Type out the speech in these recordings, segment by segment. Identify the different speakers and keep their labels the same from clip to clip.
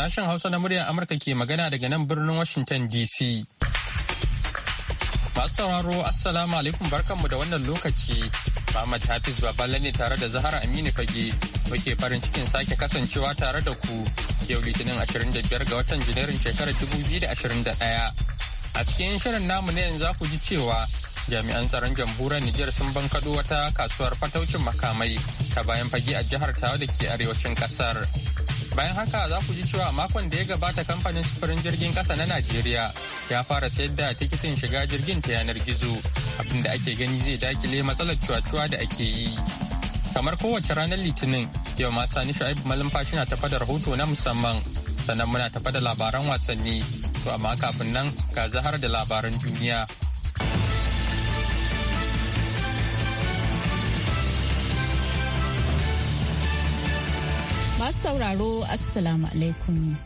Speaker 1: Sashen Hausa na muryar Amurka ke magana daga nan birnin Washington DC. Masu sauraro Assalamu alaikum barkanmu da wannan lokaci. Muhammad Hafiz Baballe ne tare da Zahara Aminu Fage muke farin cikin sake kasancewa tare da ku yau Litinin 25 ga watan Janairun shekarar 2021. A cikin shirin namu na yanzu ku ji cewa jami'an tsaron jamhuriyar Niger sun bankaɗo wata kasuwar fataucin makamai ta bayan fage a jihar Tawa da ke arewacin ƙasar. bayan haka za ku ji cewa makon da ya gabata kamfanin sufurin jirgin kasa na najeriya ya fara sayar da tikitin shiga jirgin ta yanar gizo abinda ake gani zai dakile matsalar cuwacuwa cuwa da ake yi kamar kowace ranar litinin yau ma sani shu'aib malumfashi na tafa da rahoto na musamman sannan muna tafa da labaran wasanni to amma kafin nan ga zahar da labaran duniya
Speaker 2: Masu sauraro Assalamu alaikum.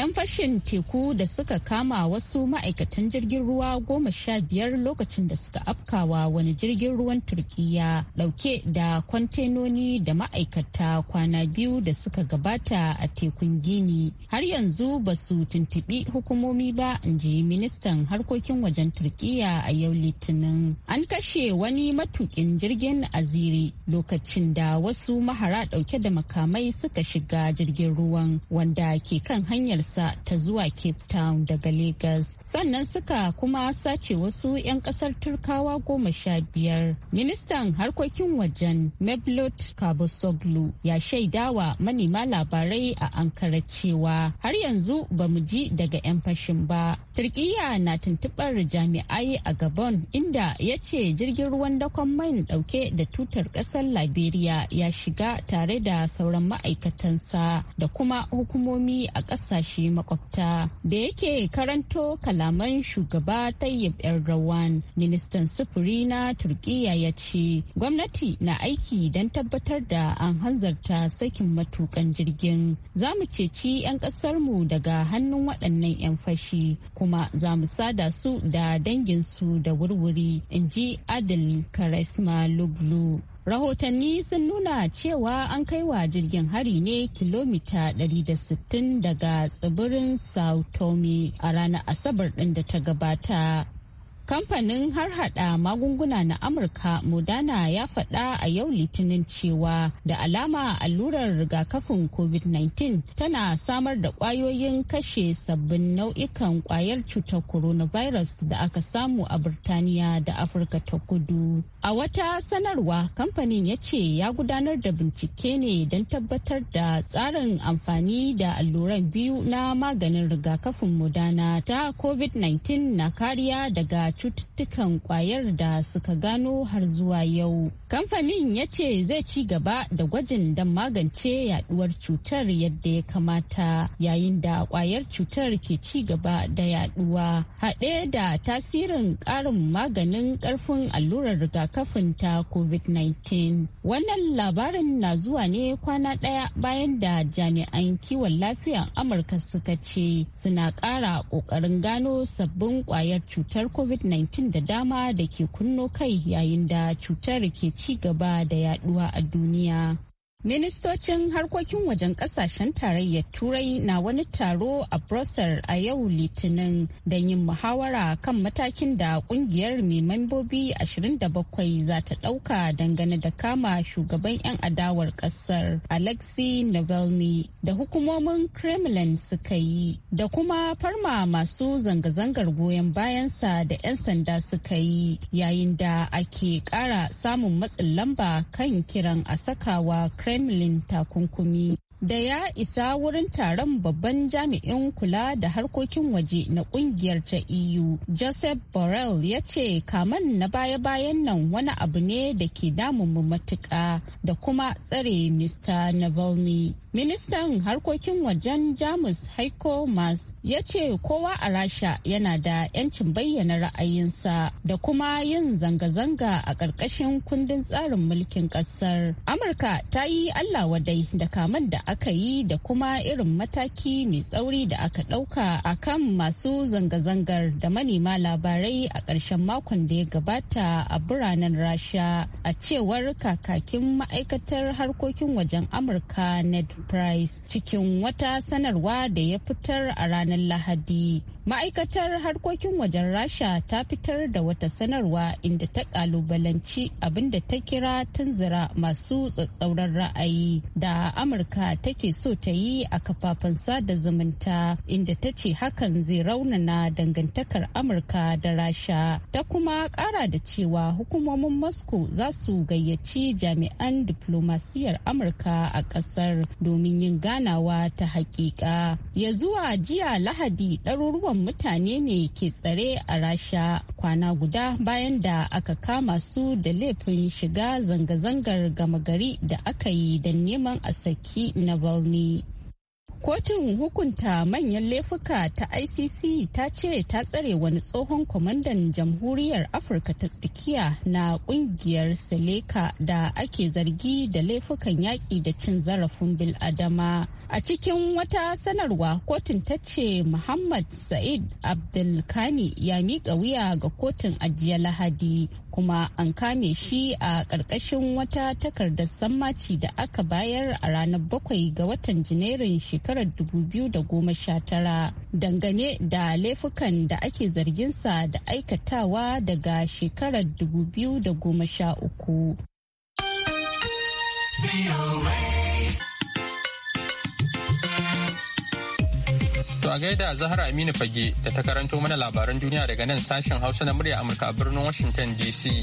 Speaker 2: 'Yan fashin teku da suka kama wasu ma'aikatan jirgin ruwa goma sha biyar lokacin da suka afkawa wani jirgin ruwan Turkiya dauke da kwantenoni da ma'aikata kwana biyu da suka gabata a tekun Gini. Har yanzu ba su tuntubi hukumomi ba, in ji ministan harkokin wajen Turkiya a yau Litinin. An kashe wani matukin jirgin aziri lokacin da wasu mahara dauke da makamai suka shiga jirgin ruwan wanda ke kan hanyar sa ta zuwa cape town daga lagos sannan suka kuma sace wasu 'yan kasar turkawa goma sha biyar ministan harkokin wajen mevlut kabosoglu ya shaidawa manema labarai a ankara cewa har yanzu ba mu ji daga 'yan fashin ba turkiya na tuntubar jami'ai a gabon inda ya ce jirgin ruwan dakon man dauke da tutar ƙasar liberia ya shiga tare da sauran ma'aikatansa da kuma hukumomi a ƙasashe. shi makwabta da yake karanto kalaman shugaba tayyib erdogan ministan sufuri na turkiya ya ce gwamnati na aiki don tabbatar da an hanzarta sakin matukan jirgin za mu ceci 'yan mu daga hannun waɗannan 'yan fashi kuma za mu sada su da danginsu da wurwuri in ji adil karisma luglu rahotanni sun nuna cewa an kai wa jirgin hari ne kilomita 160 daga tsibirin sao tome a ranar asabar ɗin da ta gabata Kamfanin har hada magunguna na Amurka Modana ya faɗa a yau Litinin cewa da alama allurar rigakafin COVID-19 tana samar da ƙwayoyin kashe sabbin nau'ikan ƙwayar cutar coronavirus da aka samu a Birtaniya da Afirka ta kudu. A wata sanarwa kamfanin ya ce ya gudanar da bincike ne don tabbatar da tsarin amfani da alluran biyu na maganin rigakafin Modana ta COVID-19 na kariya daga cututtukan kwayar da suka gano har zuwa yau. Kamfanin ya ce zai ci gaba da gwajin don magance yaduwar cutar yadda ya kamata yayin da kwayar cutar ke ci gaba da yaduwa. Haɗe da tasirin ƙarin maganin ƙarfin allurar rigakafin ta COVID-19. Wannan labarin na zuwa ne kwana ɗaya bayan da jami'an kiwon lafiyan Amurka suka ce suna ƙara ƙoƙarin gano sabbin kwayar cutar COVID-19. da dama da ke kunno kai yayin da cutar ke ci gaba da yaduwa a duniya Ministocin harkokin wajen kasashen tarayyar Turai na wani taro a Brussels a yau Litinin don yin muhawara kan matakin da kungiyar mai membobi 27 za ta ɗauka dangane da kama shugaban 'yan adawar ƙasar Alexei Navalny da hukumomin Kremlin suka yi da kuma farma masu zanga-zangar goyon bayansa da 'yan sanda suka yi yayin da ake ƙara samun matsin lamba kan kiran a sakawa kremlin takunkumi da ya isa wurin taron babban jami'in kula da harkokin waje na kungiyar ta eu joseph borrell ya ce kaman na baya-bayan nan wani abu ne da ke damun matuƙa da kuma tsare mr navalny Ministan harkokin wajen Jamus Heiko Maas ya ce kowa a Rasha yana da 'yancin bayyana ra'ayinsa da kuma yin zanga-zanga a ƙarƙashin kundin tsarin mulkin ƙasar. Amurka ta yi Allah wadai da kaman da aka yi da kuma irin mataki mai tsauri da aka ɗauka a kan masu zanga-zangar da manema labarai a ƙarshen makon da ya gabata a biranen Rasha a cewar kakakin ma'aikatar harkokin wajen Amurka price cikin wata sanarwa da ya fitar a ranar lahadi ma'aikatar harkokin wajen rasha ta fitar da wata sanarwa inda ta kalubalanci abinda ta kira tanzira masu tsatsauran ra'ayi da amurka take so ta yi a kafafen sada zumunta inda ta ce hakan zai raunana dangantakar amurka da rasha ta kuma kara da cewa hukumomin moscow za su gayyaci jami'an diplomasiyar amurka a kasar domin yin ganawa ta hakika ya zuwa jiya lahadi ɗaruruwan mutane ne ke tsare a rasha kwana guda bayan da aka kama su da laifin shiga zanga-zangar gama gari da aka yi da neman a saki navalny Kotun hukunta manyan laifuka ta ICC ta ce ta tsare wani tsohon kwamandan jamhuriyar Afirka ta tsakiya na kungiyar Seleka da ake zargi da laifukan yaƙi da cin zarafin bil'adama. A cikin wata sanarwa kotun ta ce Muhammad Sa'id Abdulkani ya miƙa wuya ga kotun ajiya Lahadi kuma an kame shi a ƙarƙashin wata takardar sammaci da aka bayar a ranar bakwai ga watan janairun shekarar 2019 dangane da laifukan da ake zarginsa da aikatawa daga shekarar 2013.
Speaker 1: a gaida Zahra Aminu Fage da ta karanto mana labaran duniya daga nan sashen Hausa na murya Amurka a birnin Washington DC.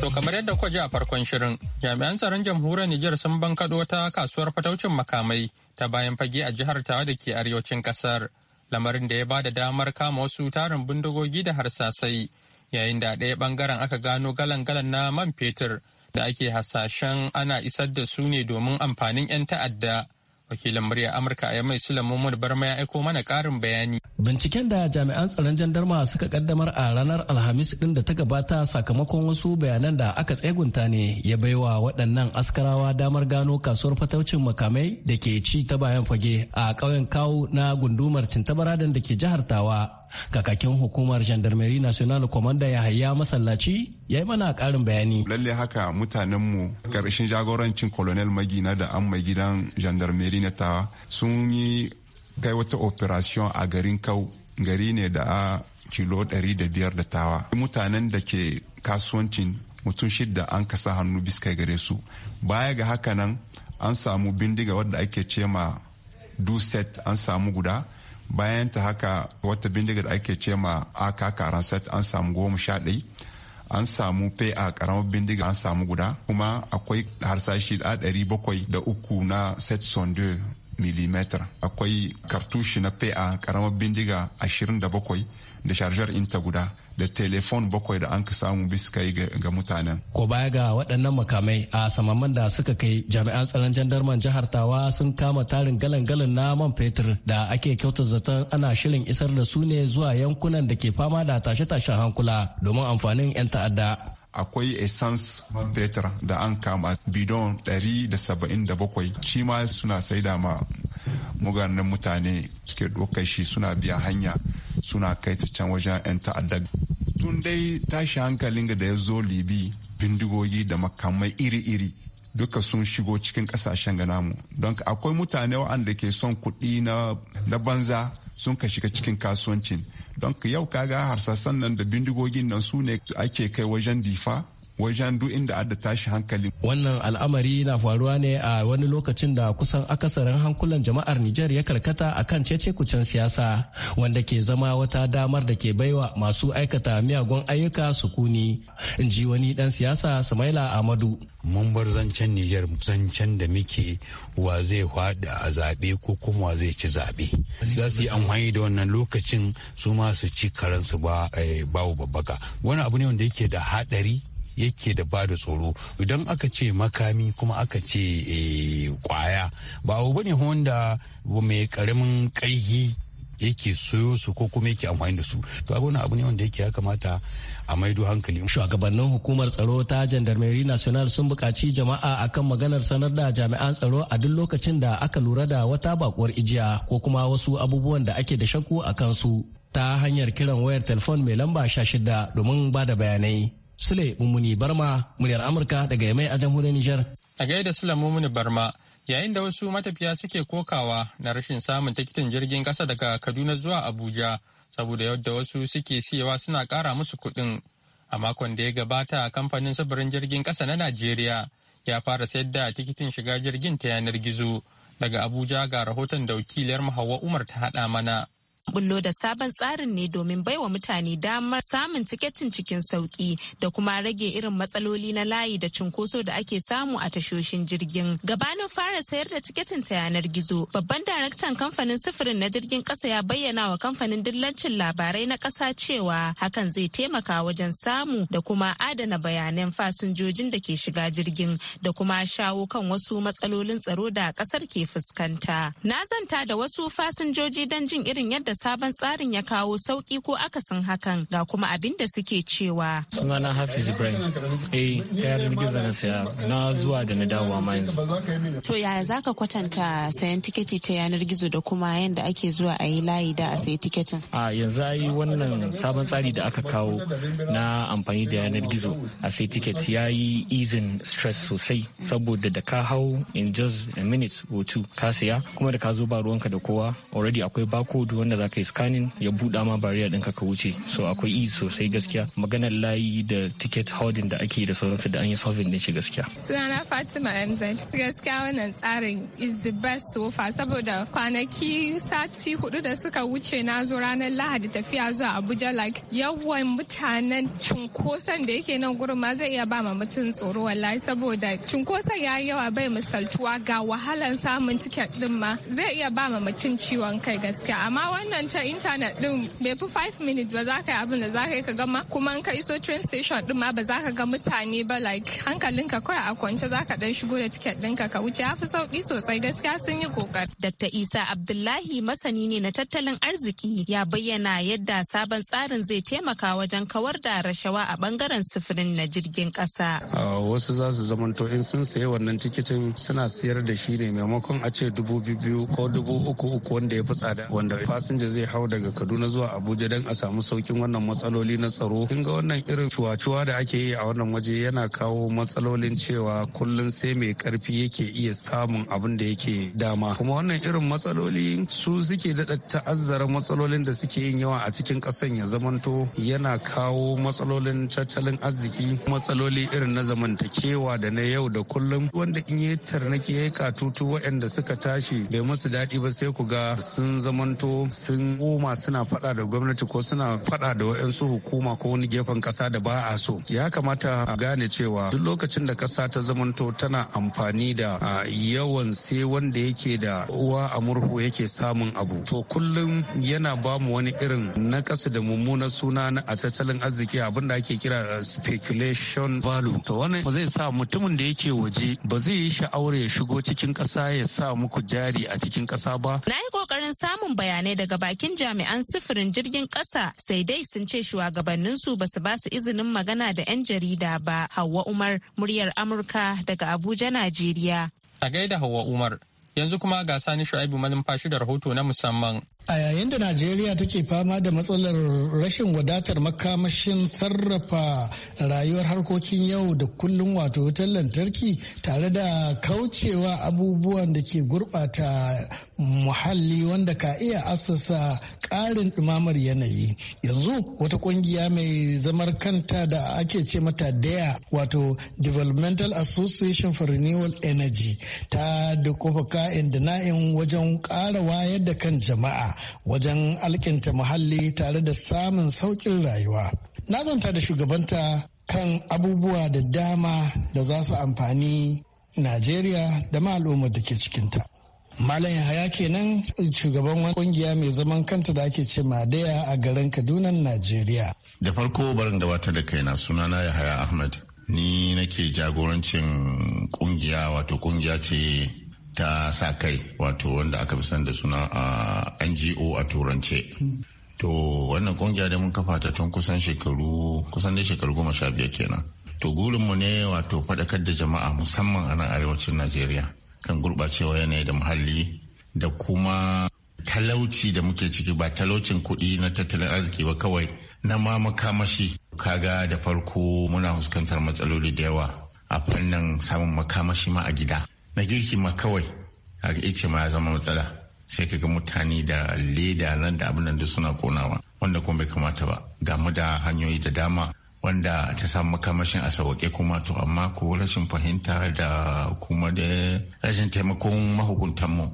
Speaker 1: To kamar yadda kuka ji a farkon shirin, jami'an tsaron jamhuriyar Nijar sun bankaɗo ta kasuwar fataucin makamai ta bayan fage a jihar Tawa da ke arewacin ƙasar. Lamarin da ya ba da damar kama wasu tarin bindigogi da harsasai, yayin da ɗaya bangaren aka gano galan-galan na man fetur da ake hasashen ana isar da su ne domin amfanin 'yan ta'adda. wakilin murya amurka a mai sulaiman barma ya aiko mana karin bayani
Speaker 3: binciken da jami'an tsaron jandarma suka kaddamar a ranar alhamis din da ta gabata sakamakon wasu bayanan da aka tsegunta ne ya baiwa waɗannan askarawa damar gano kasuwar fataucin makamai da ke ci ta bayan fage a ƙauyen kawu na gundumar cintabaradan da ke jihar tawa kakakin hukumar gendarmerie national commander yahaya masallaci ya yi mana karin
Speaker 4: bayani lalle haka mutanenmu karshen jagorancin colonel magina da an mai gidan gendarmerie na tawa sun yi kai wata operation a garin kau gari ne da a kilo 500 da tawa mutanen da ke kasuwancin mutum shidda an kasa hannu biska gare su baya ga haka nan an samu bindiga wadda ake cema ma set an samu guda bayan ta haka wata bindigar ake ce ma aka karan set an samu goma sha ɗai an samu pay a karamar bindiga an samu guda kuma akwai harsashi a ɗari bakwai da uku na set sonde millimeter akwai kartushi na pay a karamar bindiga ashirin da bakwai da sharjar inta guda da telefon bakwai da an ka samu bisa ga mutanen.
Speaker 3: Ko baya ga waɗannan makamai a samaman da suka kai jami'an tsaron jandarman jihar Tawa sun kama tarin galan-galan na man fetur da ake kyauta zaton ana shirin isar da su ne zuwa yankunan da ke fama da tashe-tashen hankula domin amfanin 'yan ta'adda.
Speaker 4: akwai essence fetur da an kama bidon 177 shi ma suna saida ma muganan mutane suke ɗaukar shi suna biya hanya suna kai ta can wajen 'yan ta'adda tun dai tashi hankalin da ya zo libi bindigogi da makamai iri-iri duka sun shigo cikin kasashen ga namu don akwai mutane waɗanda ke son kuɗi na banza sun ka shiga cikin kasuwancin don yau kaga harsassan nan da bindigogin nan su ne ake kai wajen difa wajen duk inda adda tashi hankali.
Speaker 3: Wannan al'amari na faruwa ne a wani lokacin da kusan akasarin hankulan jama'ar Nijar ya karkata a kan cecekucen siyasa wanda ke zama wata damar da ke baiwa masu aikata miyagun ayyuka sukuni. In ji wani dan siyasa Sumaila Ahmadu.
Speaker 5: Mun bar zancen Nijar zancen da muke wa zai faɗi a zaɓe ko kuma wa zai ci zaɓe. Za su yi amfani da wannan lokacin su ma su ci karansu ba eh, babu babbaka. Wani abu ne wanda yake da haɗari yake da ba da tsoro idan aka ce makami kuma aka ce eh, kwaya ba abu bane wanda mai karamin karhi yake soyo su ko kuma yake
Speaker 3: amfani da su to a wani abu ne wanda yake ya kamata a maido hankali shugabannin hukumar tsaro ta gendarmerie national sun bukaci jama'a akan maganar sanar da jami'an tsaro a duk lokacin da aka lura da wata bakuwar ijiya ko kuma wasu abubuwan da ake da shakku a kansu ta hanyar kiran wayar telefon mai lamba 16 domin ba da bayanai Sule Mummuni Barma, muryar Amurka daga Yamai a jamhuriyar Nijar.
Speaker 1: A gaida Sule Mummuni Barma, yayin da wasu matafiya suke kokawa na rashin samun tikitin jirgin kasa daga Kaduna zuwa Abuja, saboda yadda wasu suke siyewa suna kara musu kuɗin. A makon da ya gabata, kamfanin sufurin jirgin kasa na Najeriya ya fara sayar da tikitin shiga jirgin ta yanar gizo. Daga Abuja ga rahoton da wakiliyar Hauwa Umar ta haɗa mana.
Speaker 6: bullo da sabon tsarin ne domin baiwa mutane damar samun tiketin cikin sauki da kuma rage irin matsaloli na layi da cunkoso da ake samu a tashoshin jirgin. Gabanin fara sayar da tiketin ta yanar gizo, babban daraktan kamfanin sufurin na jirgin kasa ya bayyana wa kamfanin dillancin labarai na kasa cewa hakan zai taimaka wajen samu da kuma adana bayanan fasinjojin da ke shiga jirgin da kuma shawo kan wasu matsalolin tsaro da kasar ke fuskanta. Na zanta da wasu fasinjoji don jin irin yadda sabon tsarin ya kawo sauki ko akasin hakan ga kuma abin da suke cewa.
Speaker 7: Sunana Hafiz Ibrahim.
Speaker 3: Eh, ta yanar gizo na saya na zuwa da na dawowa ma yanzu.
Speaker 6: To yaya za ka kwatanta sayan tiketi ta yanar gizo da kuma yadda ake zuwa a yi layi da a sayi tiketin?
Speaker 3: A yanzu ayi wannan sabon tsari da aka kawo na amfani da yanar gizo a sayi tiket ya yi izin stress sosai saboda da ka hau in just a minute or two ka saya kuma da ka zo ba ruwanka da kowa already akwai barcode wanda za kai scanning ya buɗa ma bariya ɗin ka wuce so akwai ease sosai gaskiya maganar layi da ticket holding da ake da sauransu da an yi solving din shi gaskiya
Speaker 2: sunana fatima mz gaskiya wannan tsarin is the best so far saboda kwanaki sati hudu da suka wuce na zo ranar lahadi tafiya zuwa abuja like yawan mutanen cunkoson da yake nan gurin ma zai iya ba ma mutum tsoro wallahi saboda cunkoson ya yawa bai misaltuwa ga wahalar samun tiket din ma zai iya ba ma mutum ciwon kai gaskiya amma wannan zancen intanet din bai fi 5 minutes ba za ka yi abin da za ka yi ka gama kuma ka iso train station din ma ba za ka ga mutane ba like hankalinka kawai a kwance za ka dan shigo da tiket ɗinka ka wuce ya fi sauki sosai gaskiya sun yi kokari.
Speaker 6: Dr. Isa Abdullahi masani ne na tattalin arziki ya bayyana yadda sabon tsarin zai taimaka wajen kawar da rashawa a bangaren sufurin na jirgin kasa.
Speaker 5: Wasu za su zamanto in sun sayi wannan tikitin suna siyar da shi ne maimakon a ce dubu biyu ko dubu uku uku wanda ya fi tsada wanda fasinja Ganduje zai hau daga Kaduna zuwa Abuja don a samu saukin wannan matsaloli na tsaro. Kin ga wannan irin cuwa-cuwa da ake yi a wannan waje yana kawo matsalolin cewa kullum sai mai karfi yake iya samun abin da yake dama. Kuma wannan irin matsaloli su suke daɗa ta'azzara matsalolin da suke yin yawa a cikin ƙasan ya zamanto yana kawo matsalolin tattalin arziki matsaloli irin na zamantakewa da na yau da kullum wanda in yi tarnaki ya katutu waɗanda suka tashi bai musu daɗi ba sai ku ga sun zamanto sun sun goma suna fada da gwamnati ko suna fada da wa'yansu hukuma ko wani gefen kasa da ba a so ya kamata a gane cewa duk lokacin da kasa ta zamanto tana amfani da yawan sai wanda yake da uwa a murhu yake samun abu to kullum yana ba mu wani irin nakasa da mummunar suna na a tattalin arziki abin da ake kira speculation value to wani ba zai sa mutumin da yake waje ba zai yi sha'awar ya shigo cikin kasa ya sa muku jari a cikin kasa ba
Speaker 6: na yi kokarin samun bayanai daga bakin jami'an sufurin jirgin ƙasa sai dai sun ce shugabanninsu ba su ba su izinin magana da 'yan jarida ba. Hauwa Umar, muryar Amurka daga Abuja, Najeriya.
Speaker 1: A gaida Hauwa Umar, yanzu kuma ga sani shu'aibu manumfashi da rahoto na musamman.
Speaker 6: A yayin da Najeriya take fama da matsalar
Speaker 8: rashin wadatar makamashin sarrafa rayuwar harkokin yau da kullum wato wutar lantarki tare da kaucewa abubuwan da ke gurɓata muhalli wanda ka iya asasa ƙarin dumamar yanayi. Yanzu wata ƙungiya mai zamar kanta da ake ce mata daya e wato Developmental Association for Renewal Energy ta da kofa ka'in da na'in wajen ƙara wayar da kan jama'a. wajen alkinta muhalli tare da samun saukin rayuwa. Na zanta da shugabanta kan abubuwa da dama da za su amfani Najeriya da ma'al'ummar da ke cikinta. Malam Yahaya kenan shugaban wani kungiya mai zaman kanta da ake ce Madaya a garin Kaduna, Najeriya.
Speaker 9: Da farko barin gabatar da kaina sunana Yahaya Ahmad. Ni nake jagorancin kungiya wato kungiya ce ta sa kai wato wanda aka fi san da suna a ah, ngo a turance to wannan kungiya da mun kafa ta tun kusan shekaru kusan da shekaru goma sha biyar kenan to gurinmu ne wato faɗakar da jama'a musamman a nan arewacin najeriya kan gurɓacewa yanayi da muhalli da kuma talauci da muke ciki ba talaucin kuɗi na tattalin arziki ba kawai na ma makamashi kaga da farko muna fuskantar matsaloli da yawa a fannin samun makamashi ma a gida na girki ma kawai a ice ma ya zama matsala sai ka ga mutane da leda nan da abin da suna konawa wanda kuma bai kamata ba ga da hanyoyi da dama wanda ta samu makamashin a sauƙe kuma to amma ko rashin fahimta da kuma da rashin taimakon mahukuntan mu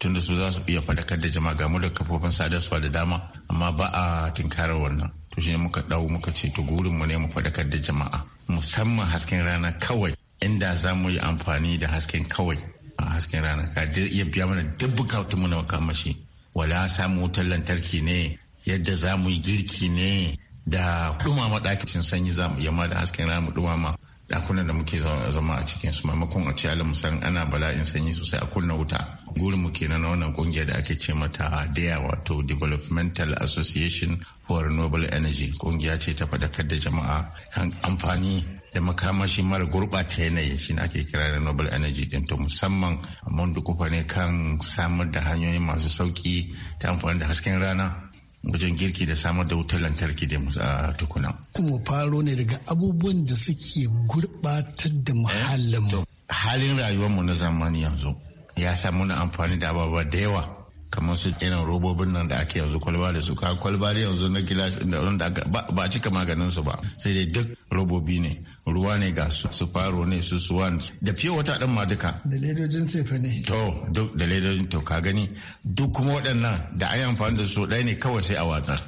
Speaker 9: tunda su za su iya faɗakar da jama'a ga da kafofin sadarwa da dama amma ba a tinkarar wannan to shi muka dawo muka ce to gurin mu ne mu faɗakar da jama'a musamman hasken rana kawai inda za mu yi amfani da hasken kawai a hasken rana ka iya biya mana duk mu na makamashi wala samu wutar lantarki ne yadda za mu yi girki ne da dumama ɗakin sanyi za mu ma da hasken rana mu dumama ɗakunan da muke zama a cikin su maimakon a ciyalin musan ana bala'in sanyi sosai a kunna wuta mu kenan na wannan kungiyar da ake ce mata daya wato developmental association for renewable energy kungiya ce ta faɗakar da jama'a kan amfani da makamashi mara gurɓata yanayi shi ake kira da nobel energy din to musamman mun kufa ne kan samar da hanyoyi masu sauki ta amfani da hasken rana wajen girki da samar da wutar lantarki da a tukuna.
Speaker 8: Kuma faro ne daga abubuwan da suke gurɓatar da eh, muhallin
Speaker 9: Halin mu na zamani yanzu ya samu na amfani da ababa da yawa kamar su irin robobin nan da ake yanzu kwalba da su kawai kwalba da yanzu na gilas da da aka ba cika maganin su ba sai dai duk robobi ne ruwa ne ga su faro ne su suwan da fiye wata dan ma duka
Speaker 8: da ledojin tefa ne
Speaker 9: to duk da ledojin to ka gani duk kuma waɗannan da an yi amfani da su ɗaya ne kawai sai a watsar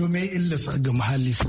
Speaker 9: To me illasa ga muhalli su?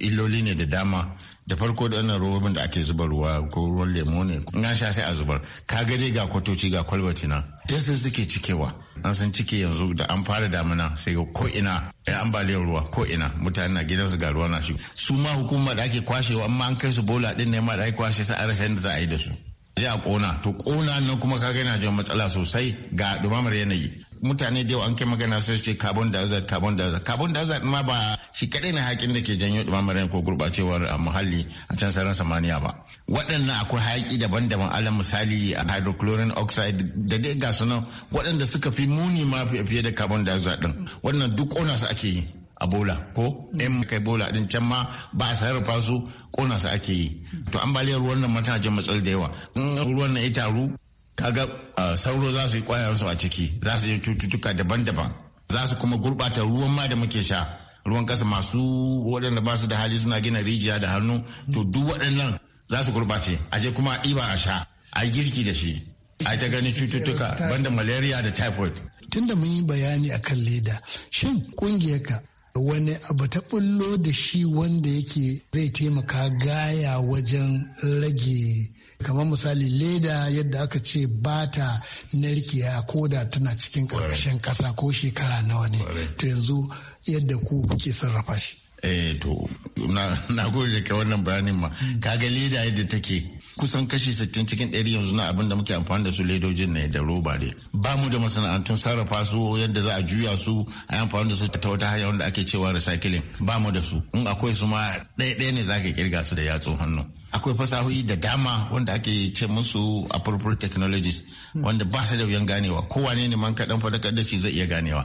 Speaker 9: Illoli ne da dama. Da farko da wannan robobin da ake zuba ruwa ko ruwan lemo ne. In an sha sai a zubar. Ka gare ga kwatoci ga kwalbati na. Testin suke cikewa. An san cike yanzu da an fara damina sai ga ko ina ya eh, ambaliyar ruwa ko ina mutane na gidansu ga ruwa na shi. Su ma hukuma da ake kwashewa amma an kai su bola din ne ma da ake kwashe sai a rasa yadda za a yi da su. je a kona to kona nan kuma ka ga yana jin matsala sosai ga dumamar yanayi mutane da yawa an kai magana sun ce carbon dioxide carbon dioxide carbon dioxide ma ba shi kadai ne haƙin da ke janyo dumamar ko gurbacewar ah, muhalli a can sararin samaniya ba waɗannan akwai hayaki daban-daban alal misali ah, hydrochlorine oxide da dai ga nan waɗanda suka fi muni ma fiye da carbon dioxide din waɗannan duk ƙona su ake yi a bola ko in kai bola din can ma ba a sarrafa su ƙona su ake yi to ambaliyar ruwan nan mata jin matsal da yawa in ruwan nan ya taru kaga sauro za su yi kwayayensu a ciki za su yi cututtuka daban-daban za su kuma gurbata ruwan ma da muke sha ruwan kasa masu waɗanda ba su da hali suna gina rijiya da hannu to duk waɗannan za su gurɓace a je kuma a ɗiba a sha a yi girki da shi a ta gani cututtuka banda malaria da typhoid
Speaker 8: tunda mun yi bayani akan leda shin kungiyarka wani abu ta bullo da shi wanda yake zai taimaka gaya wajen rage kamar misali leda yadda aka ce ba ta narkiya ko da tana cikin ƙarƙashin kasa ko shekara nawa ne to yanzu yadda ku kuke sarrafa shi
Speaker 9: eh to na gode ka wannan bayanin ma kaga leda yadda take kusan kashi 60 cikin ɗari yanzu na abin da muke amfani da su ledojin ne da roba ne ba mu da masana'antun sarrafa su yadda za a juya su a yi amfani da su ta wata hanya wanda ake cewa recycling ba mu da su in akwai su ma ɗaya ɗaya ne za zaka kirga su da yatsun hannu akwai fasahohi da dama wanda ake ce musu appropriate technologies hmm. wanda ba su da wuyan ganewa kowane ne man kaɗan fadakar da shi zai iya ganewa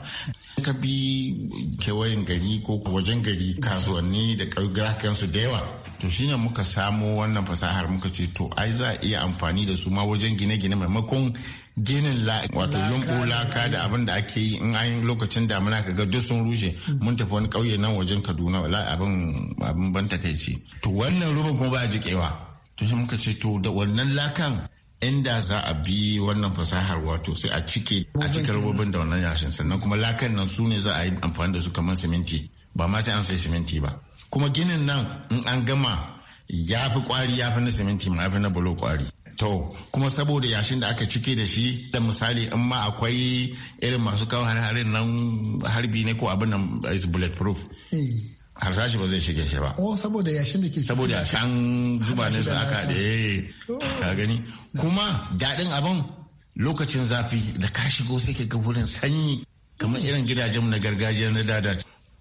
Speaker 9: ka bi kewayen gari ko wajen gari kasuwanni da ƙauyukansu da yawa to shine muka samo wannan fasahar muka ce to ai za a iya amfani da su ma wajen gine-gine maimakon ginin wato yumɓu laka da abin da ake yi in an lokacin damuna ka ga duk sun rushe mun tafi wani kauye nan wajen kaduna abin abin ban takaici to wannan rubin kuma ba jikewa to shi muka ce to da wannan lakan inda za a bi wannan fasahar wato sai a cike a cike rububin da wannan yashin sannan kuma lakan nan su ne za a yi amfani da su kamar siminti ba ma sai an sai siminti ba kuma ginin nan in an gama ya fi kwari ya fi na siminti ma ya fi na bulo kwari to kuma saboda yashin da aka cike da shi da misali in ma akwai irin masu kawo har-harin nan harbi ne ko abin nan is bulletproof eh. harsashi ba zai shige shi ba.
Speaker 8: Oh, saboda yashin da ke Saboda
Speaker 9: kan zuba ne su aka da ka gani. Kuma daɗin abin lokacin zafi da ka shigo sai ka ga wurin sanyi kamar mm. irin gidajenmu na gargajiya na dada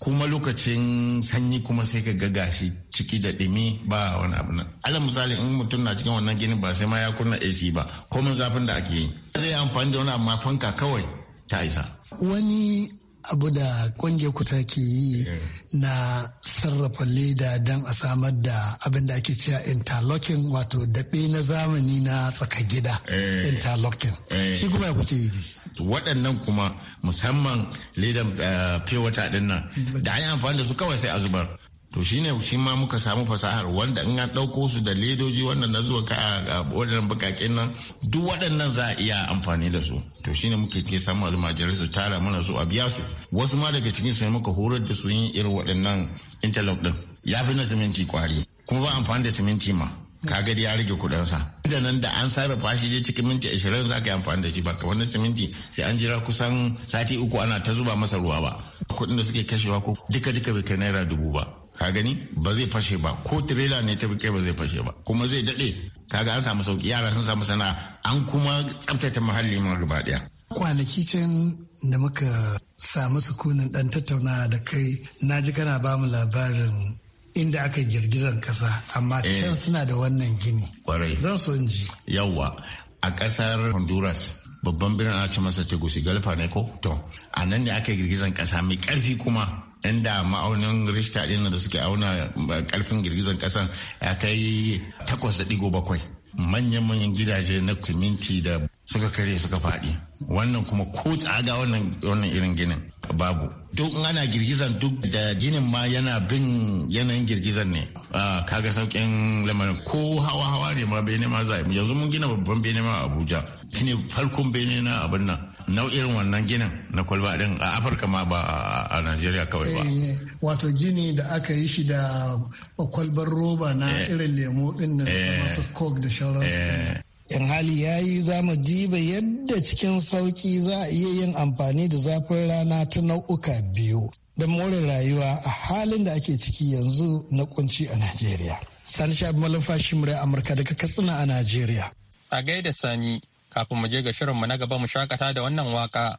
Speaker 9: kuma lokacin sanyi kuma sai ka ga gashi ciki da dimi ba wani abu nan alal misali in mutum na cikin wannan ginin ba sai ma ya kunna AC ba komin zafin da ake yi zai amfani da wani amma fanka kawai ta isa
Speaker 8: wani abu da kwange kuta ke yi eh. na sarrafa leda don a samar da abin da ake cewa interlocking wato daɓe na zamani na tsaka gida eh. interlocking shi kuma ya kuke yi
Speaker 9: waɗannan kuma musamman ledan fewata eh, ɗin nan da an yi amfani da su kawai sai a zubar to ne shi ma muka samu fasahar wanda in an ɗauko su da ledoji wannan na zuwa ka waɗannan bukakin nan duk waɗannan za a iya amfani da su to shi ne muke ke samu almajirai su tara mana su a biya su wasu ma daga cikin su muka horar da su yin irin waɗannan interlock din ya fi na siminti kwari kuma ba amfani da siminti ma kaga ya rage kuɗin sa da nan da an sarrafa shi dai cikin minti ashirin za ka yi amfani da shi ba kamar na siminti sai an jira kusan sati uku ana ta zuba masa ruwa ba kuɗin da suke kashewa ko duka duka bai kai naira dubu ba ka gani ba zai fashe ba ko tirela ne ta kai ba zai fashe ba kuma zai daɗe kaga an samu sauki yara sun samu sana an kuma tsaftace muhalli ma gaba daya
Speaker 8: kwanaki can da muka samu sukunin dan tattauna da kai na ji kana ba mu labarin inda aka yi girgizar kasa amma eh. can suna da wannan gini kwarai zan so in ji
Speaker 9: yawwa a kasar honduras babban birnin ana ce masa galfa ne ko to a nan ne aka girgizan girgizar kasa mai karfi kuma inda ma'aunin rishta ɗin da suke auna karfin girgizar kasan ya kai takwas da digo bakwai manyan-manyan gidaje na kuminti da suka kare suka faɗi wannan kuma ko tsaga wannan irin ginin babu duk ana girgizan duk da ginin ma yana bin yanayin girgizan ne kaga sauƙin lamarin ko hawa hawa ne ma bene ma zaa yanzu mun gina babban bene ma abuja shine farkon bene na abin nan nau'in wannan ginin na kwalba din a afirka ma ba a najeriya kawai ba
Speaker 8: eh, wato gini da aka yi shi da kwalbar roba na eh. irin lemo din nan eh. masu coke da shauransu in hali ya yi za mu diba yadda cikin sauki za a iya yin amfani da zafin rana ta nau'uka biyu da more rayuwa a halin da ake ciki yanzu na kunci a najeriya sani shabi malafashi murai amurka daga katsina a najeriya
Speaker 1: a gaida sani Kafin mu je ga shirin mu na gaba mu shakata da wannan waka.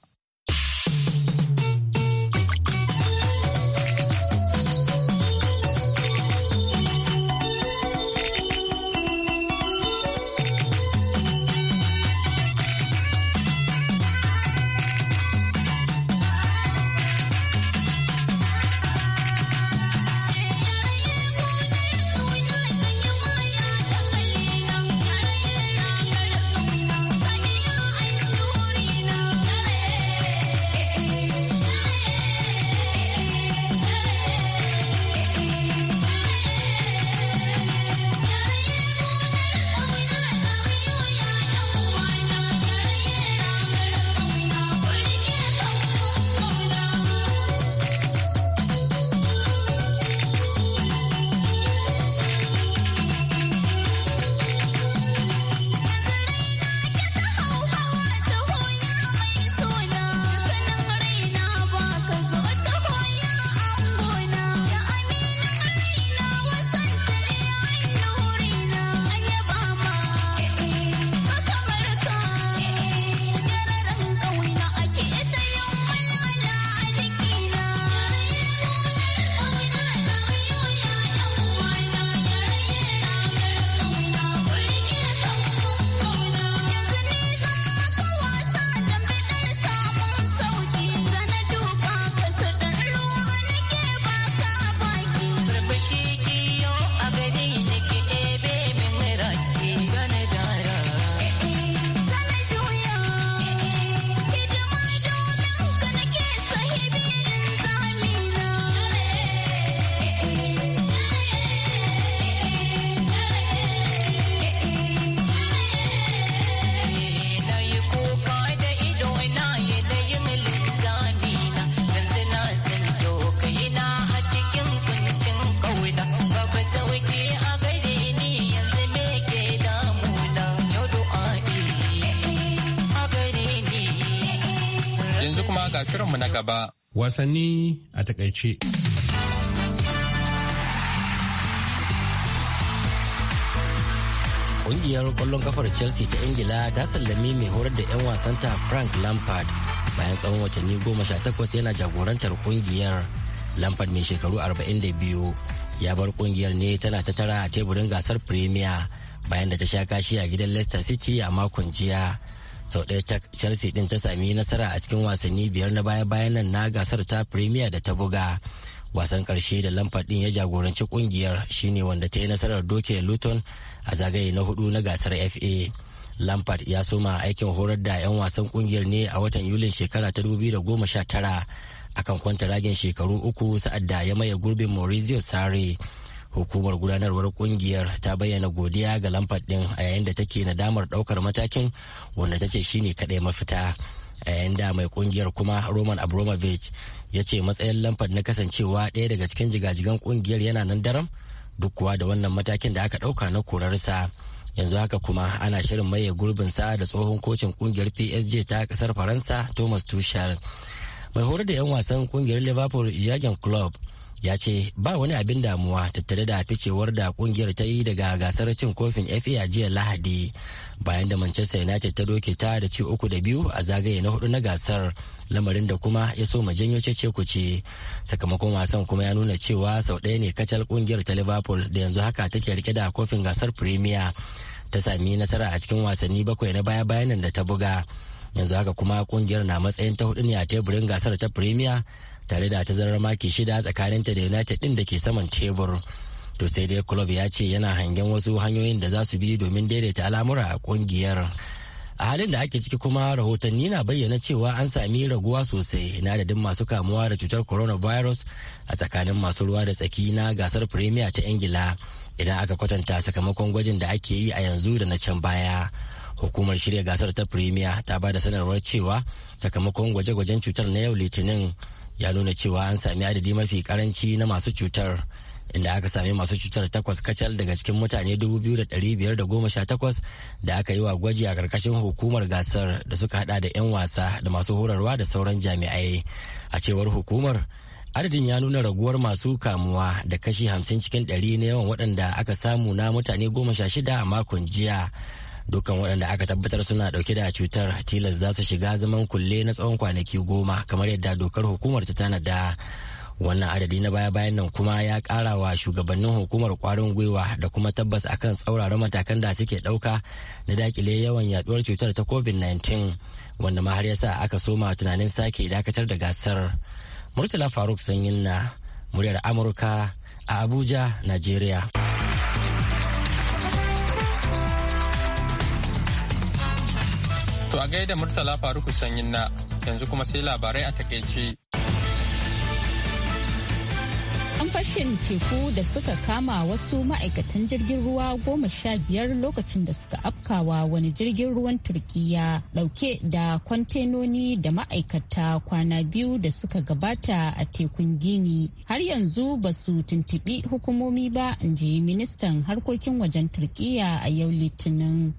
Speaker 1: kuma ga shirinmu na gaba. Wasanni a takaice.
Speaker 7: Ƙungiyar ƙwallon kafar Chelsea ta Ingila ta sallami mai horar da 'yan wasanta Frank Lampard bayan tsawon watanni goma sha takwas yana jagorantar ƙungiyar Lampard mai shekaru 42 ya bar ƙungiyar ne tana ta tara a teburin gasar Premier bayan da ta sha kashi a gidan Leicester City a makon jiya. sau ɗaya ta chelsea din ta sami nasara a cikin wasanni biyar na baya-bayan nan na gasar ta premier da ta buga wasan karshe da lampard ɗin ya jagoranci kungiyar shine wanda ta yi nasarar doke luton a zagaye na hudu na gasar fa lampard ya soma aikin horar da 'yan wasan ƙungiyar ne a watan yulin shekara ta sha 2019 akan kwanta ragin shekaru uku sa'ad da ya maye gurbin maurizio sarri hukumar gudanarwar kungiyar ta bayyana godiya ga lamfad din a yayin da take nadamar daukar matakin wanda ta ce shine kadai mafita a yayin da mai kungiyar kuma roman abramovich ya ce matsayin lamfad na kasancewa ɗaya daga cikin jigajigan kungiyar yana nan daram duk kuwa da wannan matakin da aka ɗauka na korarsa yanzu haka kuma ana shirin maye gurbin sa da tsohon kocin kungiyar psg ta kasar faransa thomas tuchel mai horar da 'yan wasan kungiyar liverpool jurgen club ya ce ba wani abin damuwa tattare da ficewar da kungiyar ta yi daga gasar cin kofin fa a jiya lahadi bayan da manchester united ta doke ta da ci uku da biyu a zagaye na hudu na gasar lamarin da kuma ya so janyo ku ce. sakamakon wasan kuma ya nuna cewa sau ɗaya ne kacal kungiyar ta liverpool da yanzu haka take rike da kofin gasar premier ta sami nasara a cikin wasanni bakwai na baya bayanan da ta buga yanzu haka kuma kungiyar na matsayin ta hudu ne a teburin gasar ta premier tare da tazarar maki shida tsakaninta da united din da ke saman tebur to sai dai club ya ce yana hangen wasu hanyoyin da za su bi domin daidaita al'amura a kungiyar a halin da ake ciki kuma rahotanni na bayyana cewa an sami raguwa sosai na adadin masu kamuwa da cutar coronavirus a tsakanin masu ruwa da tsaki na gasar premier ta ingila idan aka kwatanta sakamakon gwajin da ake yi a yanzu da na can baya hukumar shirya gasar ta premier ta ba da sanarwar cewa sakamakon gwaje-gwajen cutar na yau litinin ya nuna cewa an sami adadi mafi karanci na masu cutar inda aka sami masu cutar takwas kacal daga cikin mutane 2,518 da aka yi wa gwaji a karkashin hukumar gasar da suka hada da 'yan wasa da masu horarwa da sauran jami'ai a cewar hukumar adadin ya nuna raguwar masu kamuwa da kashi 50 cikin 100 na yawan waɗanda aka samu na mutane 16 a makon jiya dukkan waɗanda aka tabbatar suna ɗauke da cutar tilas za su shiga zaman kulle na tsawon kwanaki goma kamar yadda dokar hukumar ta tanada wannan adadi na baya-bayan nan kuma ya ƙara wa shugabannin hukumar kwarin gwiwa da kuma tabbas akan tsauraran matakan da suke ɗauka na dakile yawan yaduwar cutar ta covid-19 wanda ma har yasa aka soma tunanin sake dakatar da gasar murtala faruk sanyin na muryar amurka a abuja nigeria
Speaker 1: To a gaida Murtala Faruku Sanyin na yanzu kuma sai labarai a takaice.
Speaker 2: An fashin teku da suka kama wasu ma'aikatan jirgin ruwa goma sha biyar lokacin da suka afkawa wani jirgin ruwan Turkiya dauke da kwantenoni da ma'aikata kwana biyu da suka gabata a tekun Gini. Har yanzu ba su tuntubi hukumomi ba, in ji ministan harkokin wajen Turkiya a yau Litinin.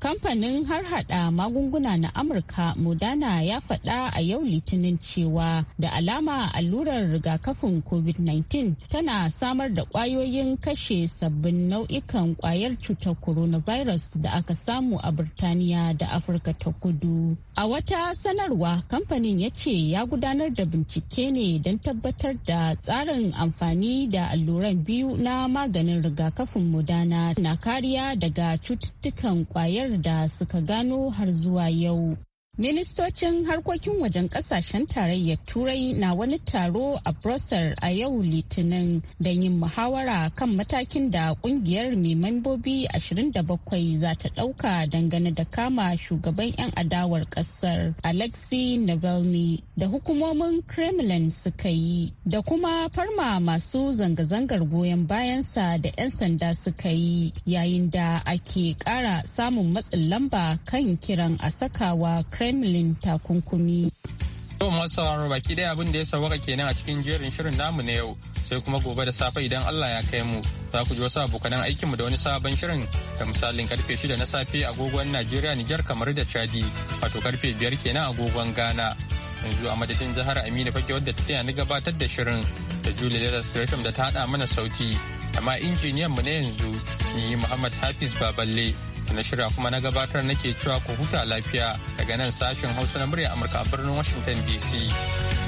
Speaker 2: Kamfanin har hada magunguna na Amurka Modana ya faɗa a yau Litinin cewa da alama allurar rigakafin COVID-19 tana samar da ƙwayoyin kashe sabbin nau'ikan ƙwayar cutar coronavirus da aka samu a Birtaniya da Afirka ta kudu. A wata sanarwa kamfanin ya ce ya gudanar da bincike ne don tabbatar da tsarin amfani da alluran biyu na maganin rigakafin Modana na kariya daga cututtukan ƙwayar biyar da suka gano har zuwa yau Ministocin harkokin wajen kasashen tarayyar Turai na wani taro a Brussels a yau Litinin da yin muhawara kan matakin da kungiyar mai mambobi 27 za ta ɗauka dangane da kama shugaban 'yan adawar ƙasar Alexei Navalny da hukumomin Kremlin suka yi da kuma farma masu zanga-zangar goyon bayansa da 'yan sanda suka yi yayin da ake ƙara samun matsin lamba kan kiran a sakawa Kremlin. kremlin takunkumi
Speaker 1: To masu sauraro baki daya abin da ya sauwaka kenan a cikin jerin shirin namu na yau sai kuma gobe da safe idan Allah ya kai mu za ku ji wasu abokanan aikinmu da wani sabon shirin da misalin karfe shida na safe agogon Najeriya Nijar kamar da Chadi wato karfe biyar kenan agogon Ghana yanzu a madadin Zahara Aminu fake wadda ta taya ni gabatar da shirin da Julie da Gresham da ta hada mana sauti amma injiniyan mu na yanzu ni Muhammad Hafiz Baballe na shirya kuma na gabatar nake cewa ku huta lafiya daga nan sashen hausa na murya amurka a birnin washington dc